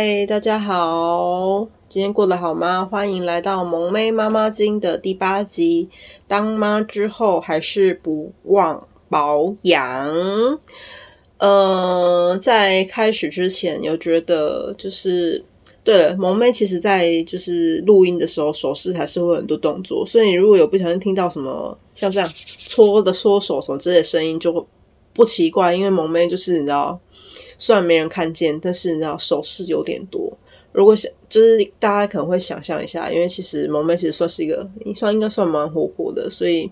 嗨，大家好，今天過得好嗎？歡迎來到萌咩媽媽經的第八集。當媽之後還是不忘保養。呃，在開始之前，有覺得就是，對了，萌咩其實在就是錄音的時候，手勢還是會很多動作，所以你如果有不小心聽到什麼像這樣搓的搓手什麼之類的聲音，就不奇怪，因為萌咩就是你知道。雖然沒人看見，但是你知道手勢有點多。如果想就是大家可能會想象一下，因為其實萌妹其實算是一個，應該算應該算蠻活潑的，所以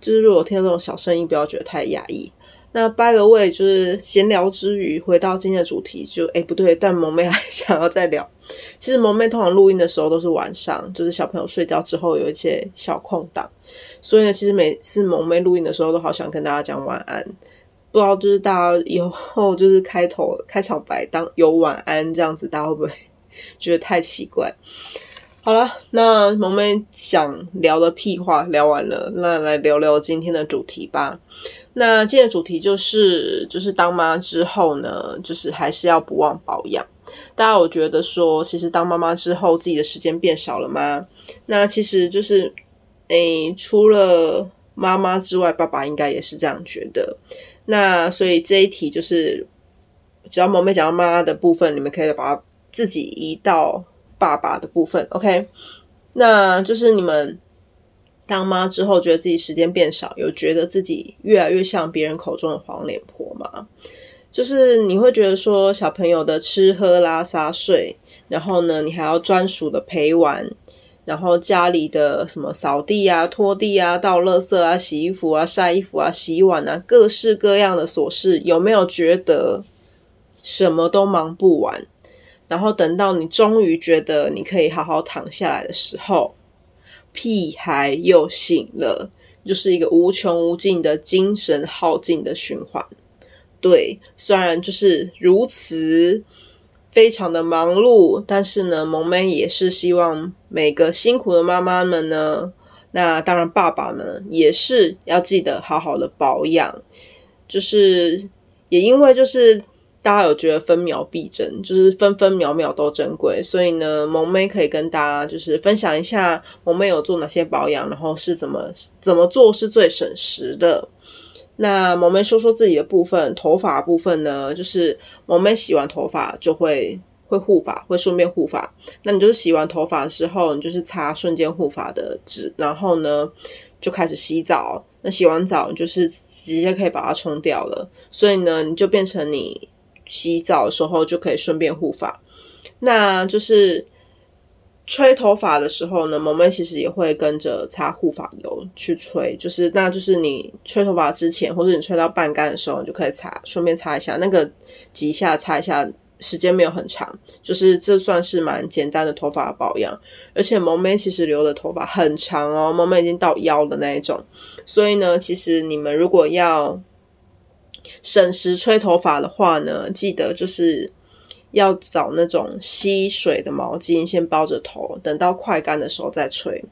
就是如果聽到這種小聲音，不要覺得太壓抑。那 By the way，就是閒聊之餘，回到今天的主題，就誒、欸、不對，但萌妹還想要再聊。其實萌妹通常錄音的時候都是晚上，就是小朋友睡覺之後有一些小空檔，所以呢，其實每次萌妹錄音的時候，都好想跟大家講晚安。不知道就是大家以後、哦、就是開頭開場白當有晚安這樣子，大家會不會覺得太奇怪？好了，那萌咩想聊的屁話聊完了，那來聊聊今天的主題吧。那今天的主題就是就是當媽之後呢，就是還是要不忘保養。大家有覺得說，其實當媽媽之後，自己的時間變少了嗎？那其實就是誒、欸，除了媽媽之外，爸爸應該也是這樣覺得。那所以這一題就是，只要萌咩講到媽的部分，你們可以把它自己移到爸爸的部分，OK？那就是你們當媽之後，覺得自己時間變少，有覺得自己越來越像別人口中的黃臉婆嗎？就是你會覺得說，小朋友的吃喝拉撒睡，然後呢，你還要專屬的陪玩，然後家裡的什麼掃地啊、拖地啊、倒垃圾啊、洗衣服啊、曬衣服啊、洗碗啊，各式各樣的瑣事，有沒有覺得什麼都忙不完？然後等到你終於覺得你可以好好躺下來的時候，屁孩又醒了，就是一個無窮無盡的精神耗盡的循環。對，雖然就是如此。非常的忙碌，但是呢，萌咩也是希望每個辛苦的媽媽們呢，那當然爸爸們也是要記得好好的保養。就是也因為就是大家有覺得分秒必爭，就是分分秒秒都珍貴，所以呢，萌咩可以跟大家就是分享一下，萌咩有做哪些保養，然後是怎麼怎麼做是最省時的。那萌咩說說自己的部分，頭髮的部分呢，就是萌咩洗完頭髮就會會護髮，會順便護髮。那你就是洗完頭髮的時候，你就是擦瞬間護髮的紙，然後呢就開始洗澡。那洗完澡，你就是直接可以把它沖掉了。所以呢，你就變成你洗澡的時候就可以順便護髮。那就是。吹頭髮的時候呢，萌咩其實也會跟着擦護髮油去吹，就是那就是你吹頭髮之前或者你吹到半乾的時候，你就可以擦，順便擦一下，那個幾下擦一下，時間沒有很長，就是這算是蠻簡單的頭髮的保養。而且萌咩其實留的頭髮很長哦，萌咩已經到腰的那一種，所以呢，其實你們如果要省時吹頭髮的話呢，記得就是。要找那種吸水的毛巾，先包着頭，等到快乾的時候再吹。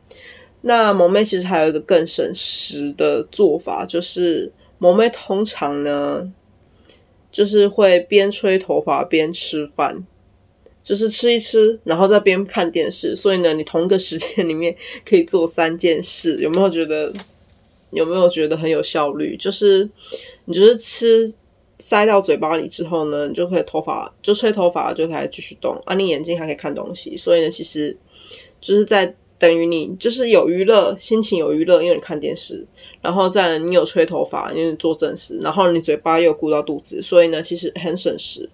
那萌咩其實還有一個更省時的做法，就是萌咩通常呢，就是會邊吹頭髮邊吃飯，就是吃一吃，然後再邊看電視。所以呢，你同個時間裡面可以做三件事，有沒有覺得有沒有覺得很有效率？就是你覺得吃。塞到嘴巴裡之後呢，你就可以頭髮就吹頭髮，就可以繼續動，啊你眼睛還可以看東西，所以呢，其實就是在等於你就是有娛樂，心情有娛樂，因為你看電視，然後再你有吹頭髮，因為你做正事，然後你嘴巴又顧到肚子，所以呢，其實很省事。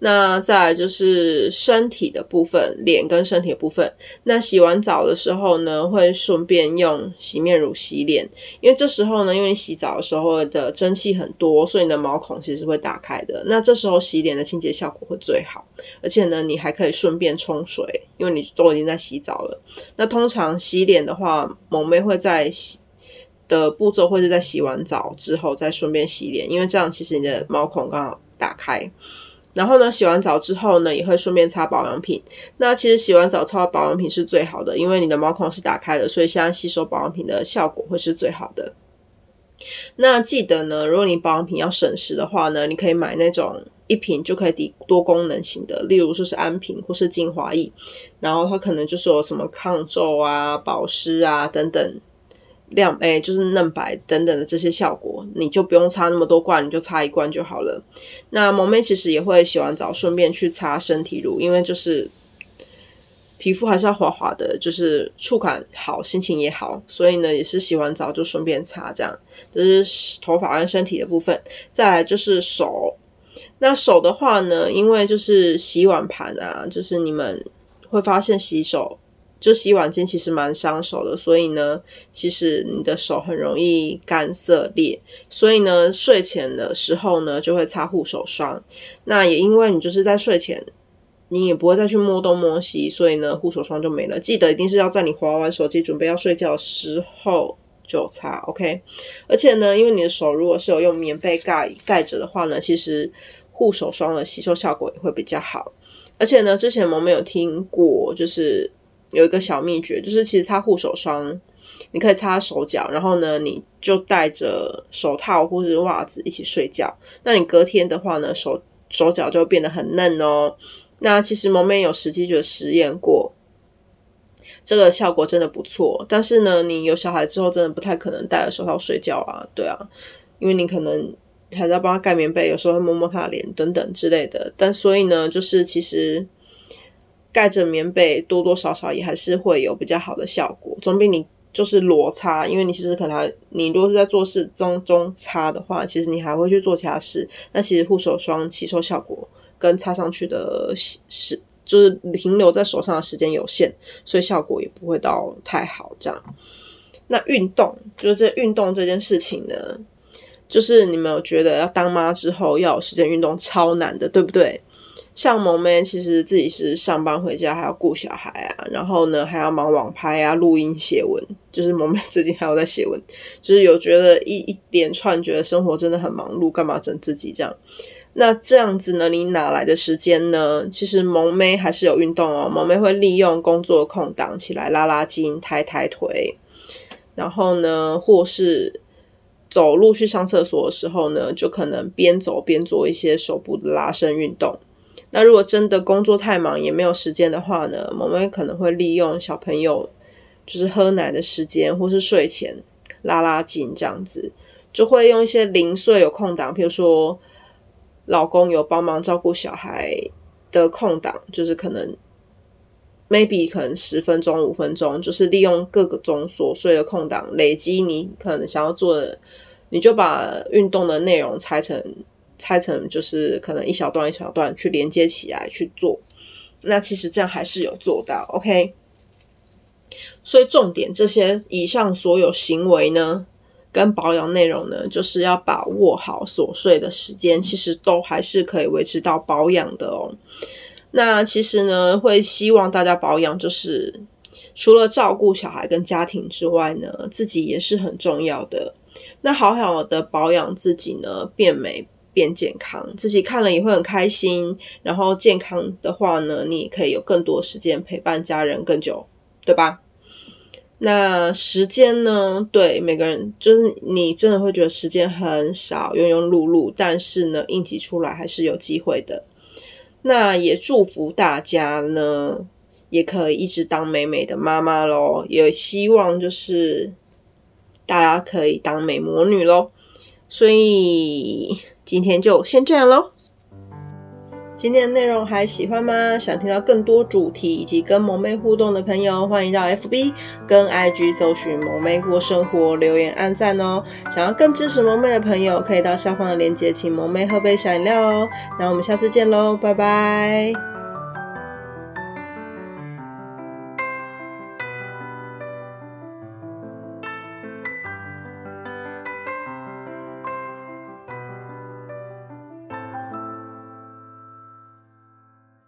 那再來就是身體的部分，臉跟身體的部分。那洗完澡的時候呢，會順便用洗面乳洗臉，因為這時候呢，因為你洗澡的時候的蒸汽很多，所以你的毛孔其實會打開的。那這時候洗臉的清潔效果會最好，而且呢，你還可以順便沖水，因為你都已經在洗澡了。那通常洗臉的話，萌咩會在洗的步驟，會是在洗完澡之後再順便洗臉，因為這樣其實你的毛孔剛好打開。然後呢，洗完澡之後呢，也會順便擦保養品。那其實洗完澡擦保養品是最好的，因為你的毛孔是打開的，所以現在吸收保養品的效果會是最好的。那記得呢，如果你保養品要省時的話呢，你可以買那種一瓶就可以抵多功能型的，例如說是安瓶或是精華液，然後它可能就是有什麼抗皺啊、保濕啊等等。亮誒、欸，就是嫩白等等的這些效果，你就不用擦那麼多罐，你就擦一罐就好了。那萌咩其實也會洗完澡順便去擦身體乳，因為就是皮膚還是要滑滑的，就是觸感好，心情也好，所以呢也是洗完澡就順便擦這樣。這、就是頭髮跟身體的部分，再來就是手。那手的話呢，因為就是洗碗盤啊，就是你們會發現洗手。就洗碗精其實蠻傷手的，所以呢，其實你的手很容易乾澀裂。所以呢，睡前的時候呢，就會擦護手霜。那也因為你就是在睡前，你也不會再去摸東摸西，所以呢，護手霜就沒了。記得一定是要在你滑完手機、準備要睡覺的時候就擦，OK。而且呢，因為你的手如果是有用棉被蓋蓋着的話呢，其實護手霜的吸收效果也會比較好。而且呢，之前我們有聽過，就是。有一個小祕訣，就是其實擦護手霜，你可以擦手腳，然後呢，你就戴著手套或是襪子一起睡覺。那你隔天的話呢，手手腳就會變得很嫩哦。那其實萌咩有實際就實驗過，這個效果真的不錯。但是呢，你有小孩之後，真的不太可能戴着手套睡覺啊，對啊，因為你可能還在幫他蓋棉被，有時候會摸摸他的臉等等之類的。但所以呢，就是其實。蓋着棉被，多多少少也還是會有比較好的效果，總比你就是裸擦。因為你其實可能你如果是在做事中中擦的話，其實你還會去做其他事。但其實護手霜吸收效果跟擦上去的是就是停留在手上的時間有限，所以效果也不會到太好這樣。那運動就是這運動這件事情呢，就是你們有覺得要當媽之後要有時間運動超難的，對不對？像萌咩其實自己是上班回家還要顧小孩啊，然後呢還要忙網拍啊、錄音、寫文，就是萌咩最近還有在寫文，就是有覺得一一連串覺得生活真的很忙碌，幹嘛整自己這樣？那這樣子呢，你哪來的時間呢？其實萌咩還是有運動哦，萌咩會利用工作空檔起來拉拉筋、抬抬腿，然後呢，或是走路去上廁所的時候呢，就可能邊走邊做一些手部的拉伸運動。那如果真的工作太忙也沒有時間的話呢，我們可能會利用小朋友就是喝奶的時間，或是睡前拉拉筋這樣子，就會用一些零碎有空檔，比如說老公有幫忙照顧小孩的空檔，就是可能 maybe 可能十分鐘五分鐘，就是利用各種瑣碎的空檔，累積你可能想要做的，你就把運動的內容拆成。拆成就是可能一小段一小段去連接起來去做，那其實這樣還是有做到，OK。所以重點這些以上所有行為呢，跟保養內容呢，就是要把握好瑣碎的時間，其實都還是可以維持到保養的哦。那其實呢，會希望大家保養，就是除了照顧小孩跟家庭之外呢，自己也是很重要的。那好好的保養自己呢，變美。變健康，自己看了也會很開心。然後健康的話呢，你也可以有更多時間陪伴家人更久，對吧？那時間呢，對每個人，就是你真的會覺得時間很少，庸庸碌碌。但是呢，硬擠出來還是有機會的。那也祝福大家呢，也可以一直當美美的媽媽咯。也希望就是大家可以當美魔女咯。所以。今天就先這樣嘍。今天的內容還喜歡嗎？想聽到更多主題以及跟萌咩互動的朋友，歡迎到 FB 跟 IG 搜尋萌咩過生活，留言、按讚哦。想要更支持萌咩的朋友，可以到下方的鏈接，請萌咩喝杯小飲料哦。那我們下次見嘍，拜拜。